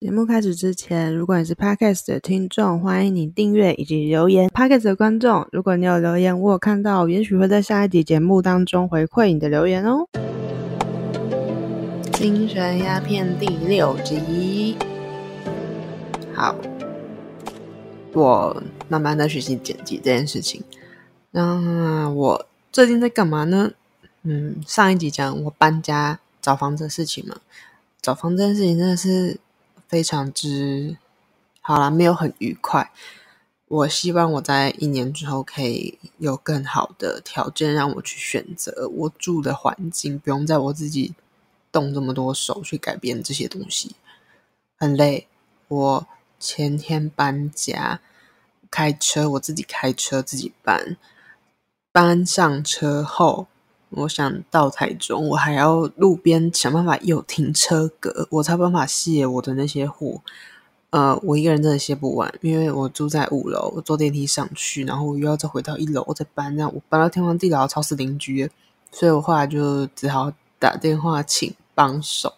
節目開始之前，如果你是 Podcast 的聽眾，歡迎你訂閱以及留言。Podcast 的觀眾，如果你有留言，我有看到，也許會在下一集節目當中回饋你的留言哦。《精神鴉片》第六集，好，我慢慢的學習剪輯這件事情。那我最近在幹嘛呢？嗯，上一集講我搬家找房子的事情嘛。找房子這件事情真的是。非常之好啦，沒有很愉快。我希望我在一年之後可以有更好的條件，讓我去選擇我住的環境，不用在我自己動這麼多手去改變這些東西。很累，我前天搬家，開車，我自己開車自己搬，搬上車後。我想到台中，我還要路邊想辦法有停車格，我才有辦法卸我的那些貨。呃，我一個人真的卸不完，因為我住在五樓，我坐電梯上去，然後我又要再回到一樓我再搬，這樣我搬到天荒地老吵死鄰居。所以我後來就只好打電話請幫手，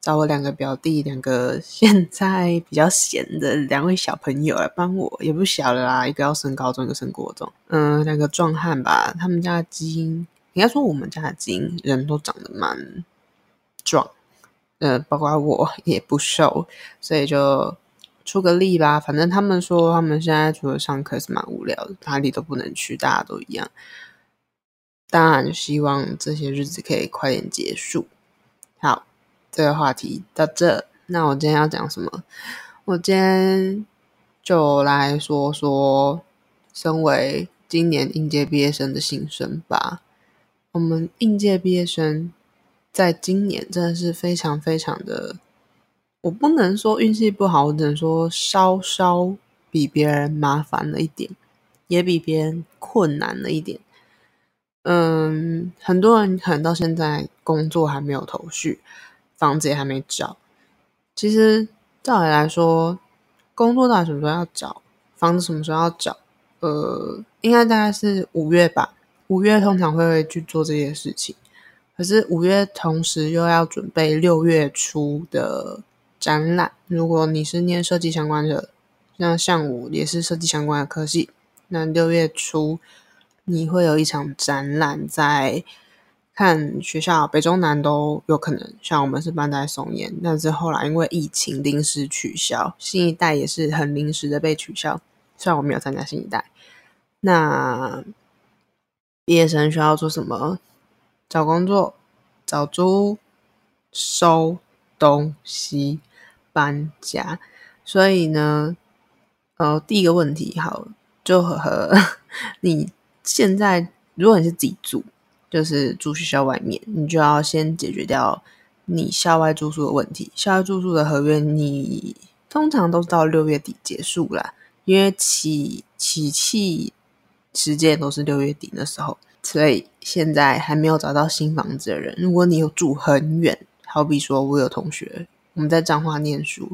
找我兩個表弟，兩個現在比較閒的兩位小朋友來幫我，也不小了啦，一個要升高中，一個升國中，嗯、呃，兩個壯漢吧，他們家的基因。應該說，我們家的金人都長得蠻壯，呃，包括我也不瘦，所以就出個力吧。反正他們說，他們現在除了上課是蠻無聊的，哪裡都不能去，大家都一樣。當然，希望這些日子可以快點結束。好，這個話題到這，那我今天要講什麼？我今天就來說說，身為今年應屆畢業生的心聲吧。我們應屆畢業生在今年真的是非常非常的，我不能說運氣不好，我只能說稍稍比別人麻煩了一點，也比別人困難了一點。嗯，很多人可能到現在工作還沒有頭緒，房子也還沒找。其實照理來說，工作到什麼時候要找，房子什麼時候要找？呃，應該大概是五月吧。五月通常會去做這些事情，可是五月同時又要準備六月初的展覽。如果你是念設計相關的，那像我也是設計相關的科系，那六月初你會有一場展覽，在看學校北中南都有可能。像我們是辦在松菸，但是後來因為疫情臨時取消，新一代也是很臨時的被取消。雖然我沒有參加新一代，那。畢業生需要做什麼？找工作、找租、收東西、搬家。所以呢，呃，第一個問題好，就和呵呵你現在，如果你是自己住，就是住學校外面，你就要先解決掉你校外住宿的問題。校外住宿的合約，你通常都是到六月底結束啦，因為起起氣。時間都是六月底那時候，所以現在還沒有找到新房子的人，如果你有住很遠，好比說，我有同學，我們在彰化念書，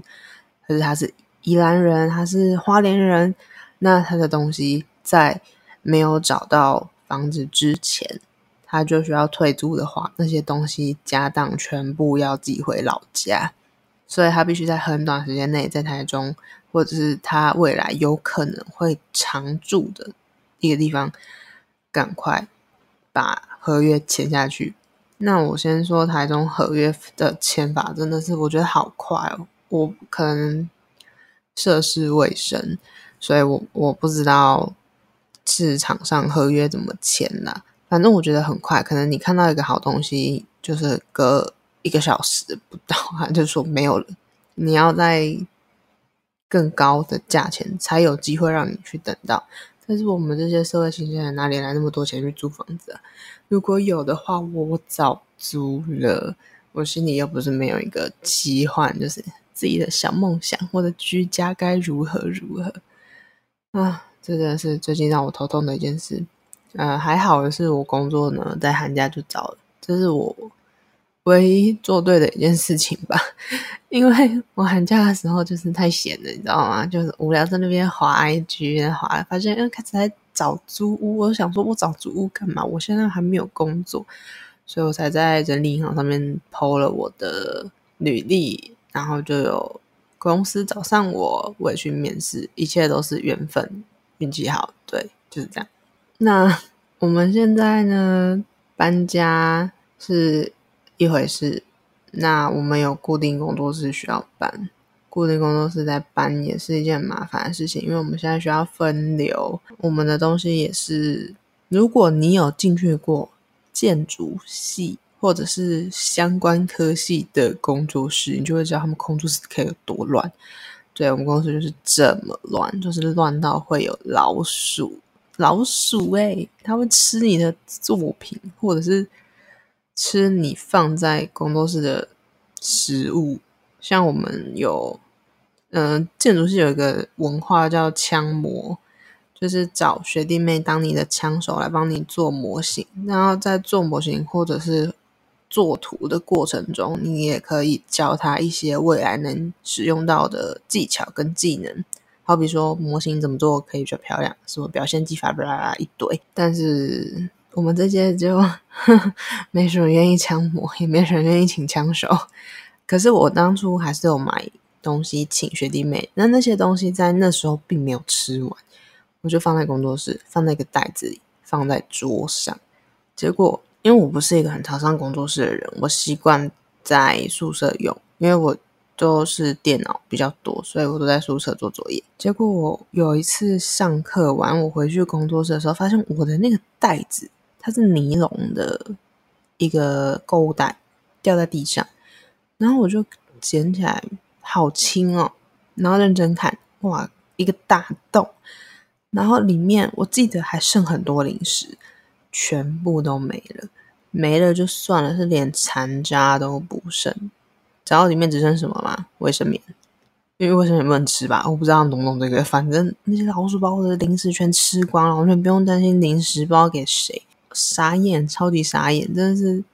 可是他是宜蘭人，他是花蓮人，那他的東西在沒有找到房子之前，他就需要退租的話，那些東西家當全部要寄回老家，所以他必須在很短時間內在台中，或者是他未來有可能會常住的。一個地方，趕快把合約簽下去。那我先說台中合約的簽法，真的是我覺得好快哦。我可能涉世未深，所以我我不知道市場上合約怎麼簽啦、啊。反正我覺得很快，可能你看到一個好東西，就是隔一個小時不到，啊就說沒有了。你要在更高的價錢才有機會讓你去等到。但是我們這些社會新鮮人哪裡來那麼多錢去租房子？啊？如果有的話，我早租了。我心裡又不是沒有一個期盼，就是自己的小夢想，或者居家該如何如何啊，這真的是最近讓我頭痛的一件事。嗯、呃，還好的是我工作呢，在寒假就找了，這是我唯一做對的一件事情吧，因為我寒假的時候就是太閒了，你知道嗎？就是無聊在那邊滑 IG，然後滑了發現，哎，開始在找租屋。我就想說，我找租屋幹嘛？我現在還沒有工作，所以我才在人力銀行上面 po 了我的履歷，然後就有公司找上我，我也去面試，一切都是緣分，運氣好，對，就是這樣。那我們現在呢，搬家是。一回事，那我們有固定工作室需要搬，固定工作室在搬也是一件很麻煩的事情，因為我們現在需要分流我們的東西，也是。如果你有進去過建築系或者是相關科系的工作室，你就會知道他們工作室可以有多亂。對，我們公司就是這麼亂，就是亂到會有老鼠，老鼠，誒，欸，它會吃你的作品，或者是。吃你放在工作室的食物，像我們有，嗯、呃，建築系有一個文化叫“槍模”，就是找學弟妹當你的槍手來幫你做模型。然後在做模型或者是做圖的過程中，你也可以教他一些未來能使用到的技巧跟技能。好比說，模型怎麼做可以比較漂亮，什麼表現技法，啦啦啦一堆。但是我們這些就呵呵，沒什麼願意槍模，也沒什麼願意請槍手。可是我當初還是有買東西請學弟妹。那那些東西在那時候並沒有吃完，我就放在工作室，放在一個袋子裡，放在桌上。結果因為我不是一個很常上工作室的人，我習慣在宿舍用，因為我都是電腦比較多，所以我都在宿舍做作業。結果我有一次上課完，我回去工作室的時候，發現我的那個袋子。它是尼龍的一個購物袋，掉在地上，然後我就撿起來，好輕哦。然後認真看，哇，一個大洞。然後裡面我記得還剩很多零食，全部都沒了。沒了就算了，是連殘渣都不剩。然後裡面只剩什麼嘛？衛生棉，因為衛生棉不能吃吧？我不知道懂不懂這個。反正那些老鼠包的零食全吃光了，完全不用擔心零食包給誰。傻眼，超級傻眼，真的是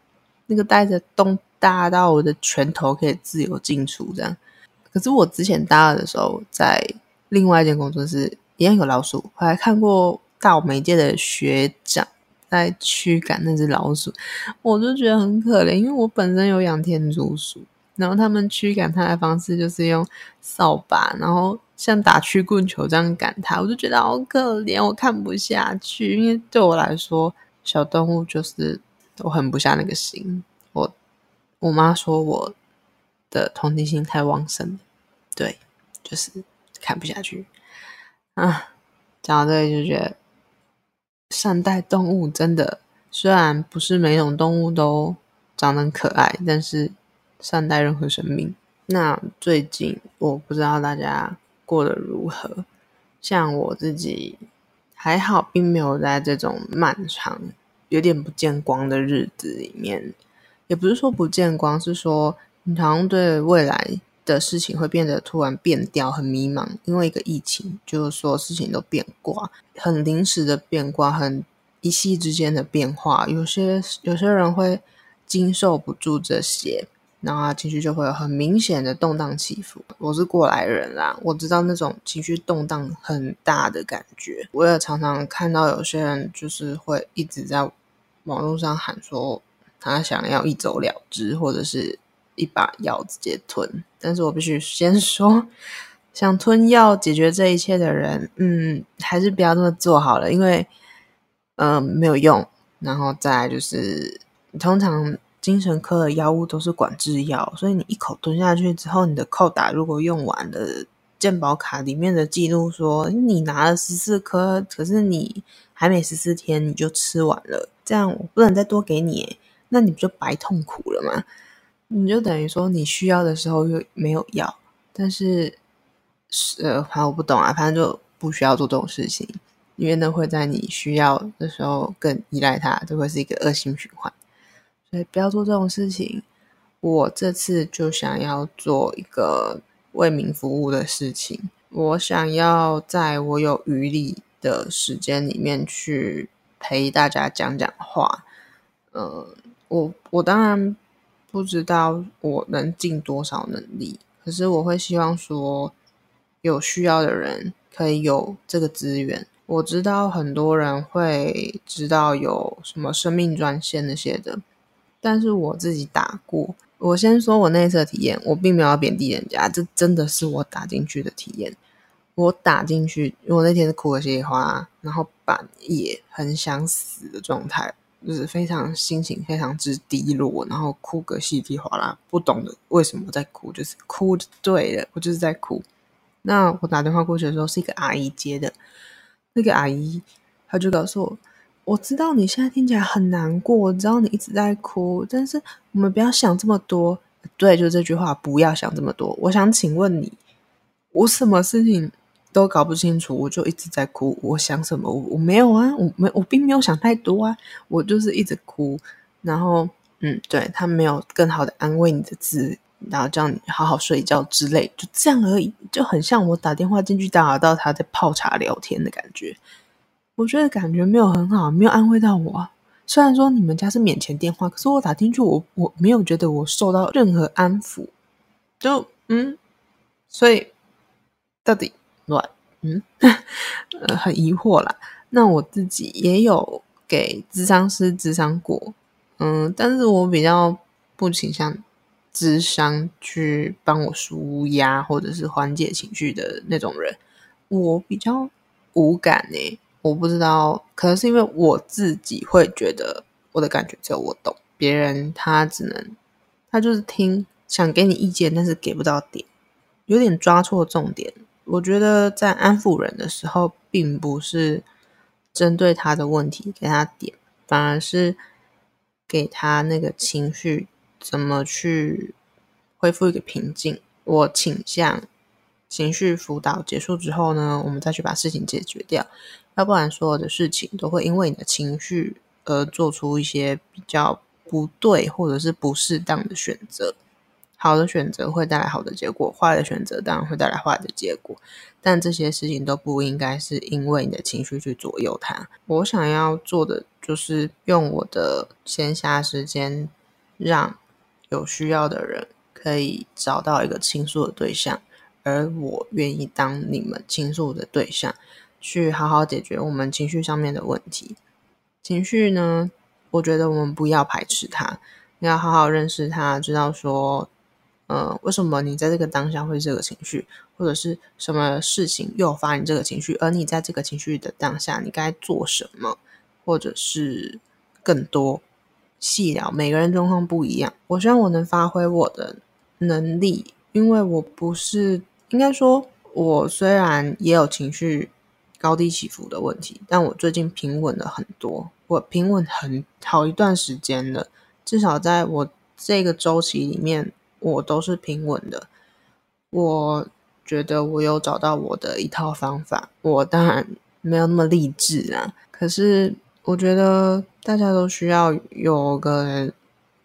那個帶着洞大到我的拳頭可以自由進出這樣。可是我之前大二的時候在另外一間工作室，一樣有老鼠。我還看過大五屆的學長在驅趕那隻老鼠，我就覺得很可憐，因為我本身有養天竺鼠，然後他們驅趕它的方式就是用掃把，然後像打曲棍球這樣趕它，我就覺得好可憐，我看不下去，因為對我來說。小動物就是我狠不下那個心，我我媽說我的同情心太旺盛，對，就是看不下去。啊，講到這裡就覺得善待動物真的，雖然不是每種動物都長得很可愛，但是善待任何生命。那最近我不知道大家過得如何，像我自己。還好，並沒有在這種漫長、有點不見光的日子裡面，也不是說不見光，是說你好像對未來的事情會變得突然變掉，很迷茫。因為一個疫情，就是說事情都變卦，很臨時的變卦，很一夕之間的變化，有些有些人會經受不住這些。然後他情緒就會有很明顯的動盪起伏。我是過來人啦，我知道那種情緒動盪很大的感覺。我也常常看到有些人就是會一直在網絡上喊說他想要一走了之，或者是一把藥直接吞。但是我必須先說，想吞藥解決這一切的人，嗯，還是不要那麼做好了，因為嗯，呃，沒有用。然後再來就是通常。精神科的藥物都是管制藥，所以你一口吞下去之後，你的扣打如果用完了，健保卡裡面的記錄說你拿了十四顆，可是你還沒十四天你就吃完了，這樣我不能再多給你，那你不就白痛苦了嗎？你就等於說你需要的時候又沒有藥，但是是、呃……反正我不懂啊，反正就不需要做這種事情，因為呢會在你需要的時候更依賴它，就會是一個惡性循環。對，不要做這種事情。我這次就想要做一個為民服務的事情。我想要在我有餘力的時間裡面去陪大家講講話。呃，我我當然不知道我能盡多少能力，可是我會希望說有需要的人可以有這個資源。我知道很多人會知道有什麼生命專線那些的。但是我自己打過，我先說我那一次的體驗，我並沒有貶低人家，這真的是我打進去的體驗。我打進去，因為我那天是哭個稀里嘩啦，然後半夜很想死的狀態，就是非常心情非常之低落，然後哭個稀里嘩啦，不懂得為什麼我在哭，就是哭的對了，我就是在哭。那我打電話過去的時候，是一個阿姨接的，那個阿姨她就告訴我。我知道你現在聽起來很難過，我知道你一直在哭，但是我們不要想這麼多。對，就這句話，不要想這麼多。我想請問你，我什麼事情都搞不清楚，我就一直在哭。我想什麼？我我沒有啊，我沒，我並沒有想太多啊，我就是一直哭。然後，嗯，對，他沒有更好的安慰你的字，然後叫你好好睡覺之類，就這樣而已，就很像我打電話進去打擾到他在泡茶聊天的感覺。我覺得感覺沒有很好，沒有安慰到我。雖然說你們家是免錢電話，可是我打進去我，我我沒有覺得我受到任何安撫。就嗯，所以到底亂嗯、 呃，很疑惑啦。那我自己也有給諮商師諮商過，嗯，但是我比較不傾向諮商去幫我舒壓或者是緩解情緒的那種人，我比較無感哎、欸。我不知道，可能是因為我自己會覺得我的感覺只有我懂，別人他只能他就是聽，想給你意見，但是給不到點，有點抓錯重點。我覺得在安撫人的時候，並不是針對他的問題給他點，反而是給他那個情緒怎麼去恢復一個平靜。我傾向情緒輔導結束之後呢，我們再去把事情解決掉。要不然，所有的事情都會因為你的情緒而做出一些比較不對或者是不適當的選擇。好的選擇會帶來好的結果，壞的選擇當然會帶來壞的結果。但這些事情都不應該是因為你的情緒去左右它。我想要做的就是用我的閒暇時間，讓有需要的人可以找到一個傾訴的對象，而我願意當你們傾訴的對象。去好好解決我們情緒上面的問題。情緒呢，我覺得我們不要排斥它，你要好好認識它，知道說，呃，為什麼你在這個當下會這個情緒，或者是什麼事情誘發你這個情緒，而你在這個情緒的當下，你該做什麼，或者是更多細聊。每個人狀況不一樣，我希望我能發揮我的能力，因為我不是應該說，我雖然也有情緒。高低起伏的問題，但我最近平穩了很多。我平穩很好一段時間了，至少在我這個週期裡面，我都是平穩的。我覺得我有找到我的一套方法，我當然沒有那麼勵志啊。可是我覺得大家都需要有個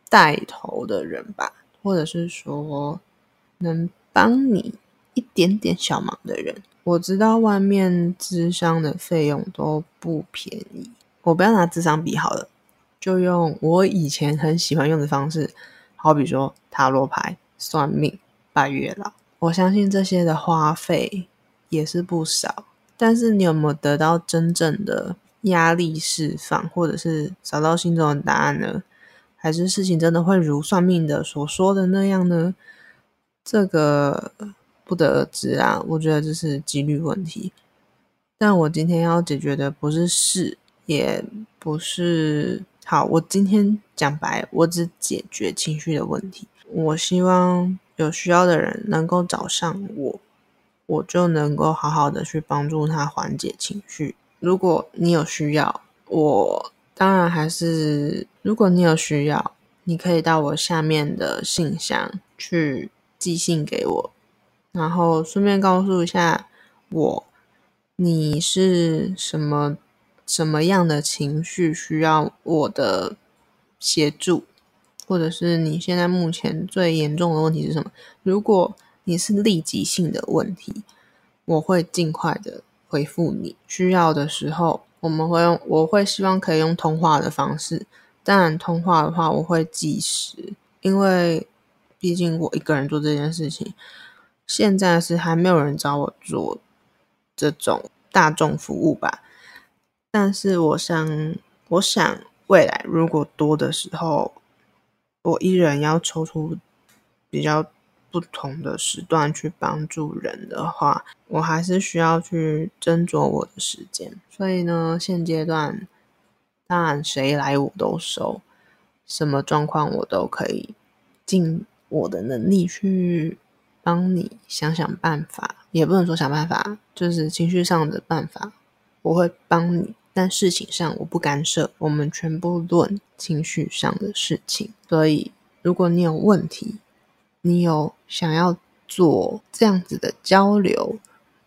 帶頭的人吧，或者是說能幫你一點點小忙的人。我知道外面諮商的費用都不便宜，我不要拿諮商比好了，就用我以前很喜歡用的方式，好比說塔羅牌、算命、拜月老。我相信這些的花費也是不少，但是你有沒有得到真正的壓力釋放，或者是找到心中的答案呢？還是事情真的會如算命的所說的那樣呢？這個。不得而知啊，我覺得這是幾率問題。但我今天要解決的不是事，也不是，好，我今天講白，我只解決情緒的問題。我希望有需要的人能夠找上我，我就能夠好好的去幫助他緩解情緒。如果你有需要，我當然還是，如果你有需要，你可以到我下面的信箱去寄信給我。然後順便告訴一下我，你是什麼什麼樣的情緒需要我的協助，或者是你現在目前最嚴重的問題是什麼？如果你是立即性的問題，我會盡快的回復你。需要的時候，我們會用，我會希望可以用通話的方式。但通話的話，我會計時，因為畢竟我一個人做這件事情。現在是還沒有人找我做這種大眾服務吧，但是我想，我想未來如果多的時候，我依然要抽出比較不同的時段去幫助人的話，我還是需要去斟酌我的時間。所以呢，現階段當然誰來我都收，什麼狀況我都可以盡我的能力去。幫你想想辦法，也不能說想辦法，就是情緒上的辦法，我會幫你。但事情上我不干涉，我們全部論情緒上的事情。所以，如果你有問題，你有想要做這樣子的交流，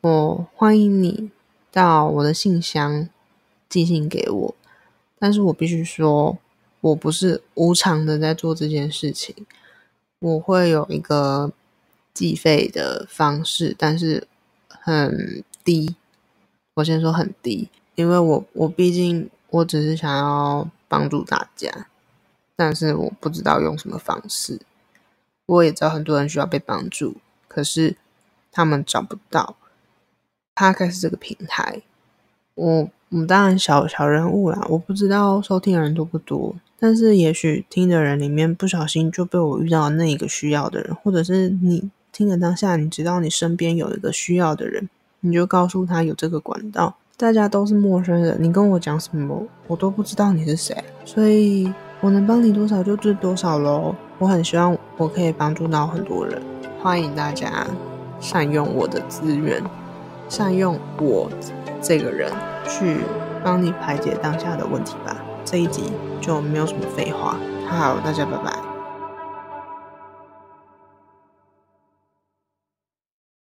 我歡迎你到我的信箱寄信給我。但是我必須說，我不是無償的在做這件事情，我會有一個。計費的方式，但是很低。我先說很低，因為我我畢竟我只是想要幫助大家，但是我不知道用什麼方式。我也知道很多人需要被幫助，可是他們找不到。他開始這個平台，我我當然小小人物啦，我不知道收聽的人多不多，但是也許聽的人裡面不小心就被我遇到的那一個需要的人，或者是你。聽了當下，你知道你身邊有一個需要的人，你就告訴他有這個管道。大家都是陌生人，你跟我講什麼，我都不知道你是誰，所以我能幫你多少就多少嘍。我很希望我可以幫助到很多人，歡迎大家善用我的資源，善用我這個人去幫你排解當下的問題吧。這一集就沒有什麼廢話，好，大家拜拜。